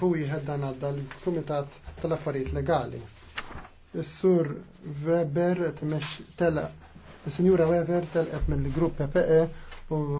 fu wieħed dan għadda l-Kumitat tal-Affarijiet Legali. Is-Sur Weber is-Sinjura Weber telqet mill-Grupp PPE u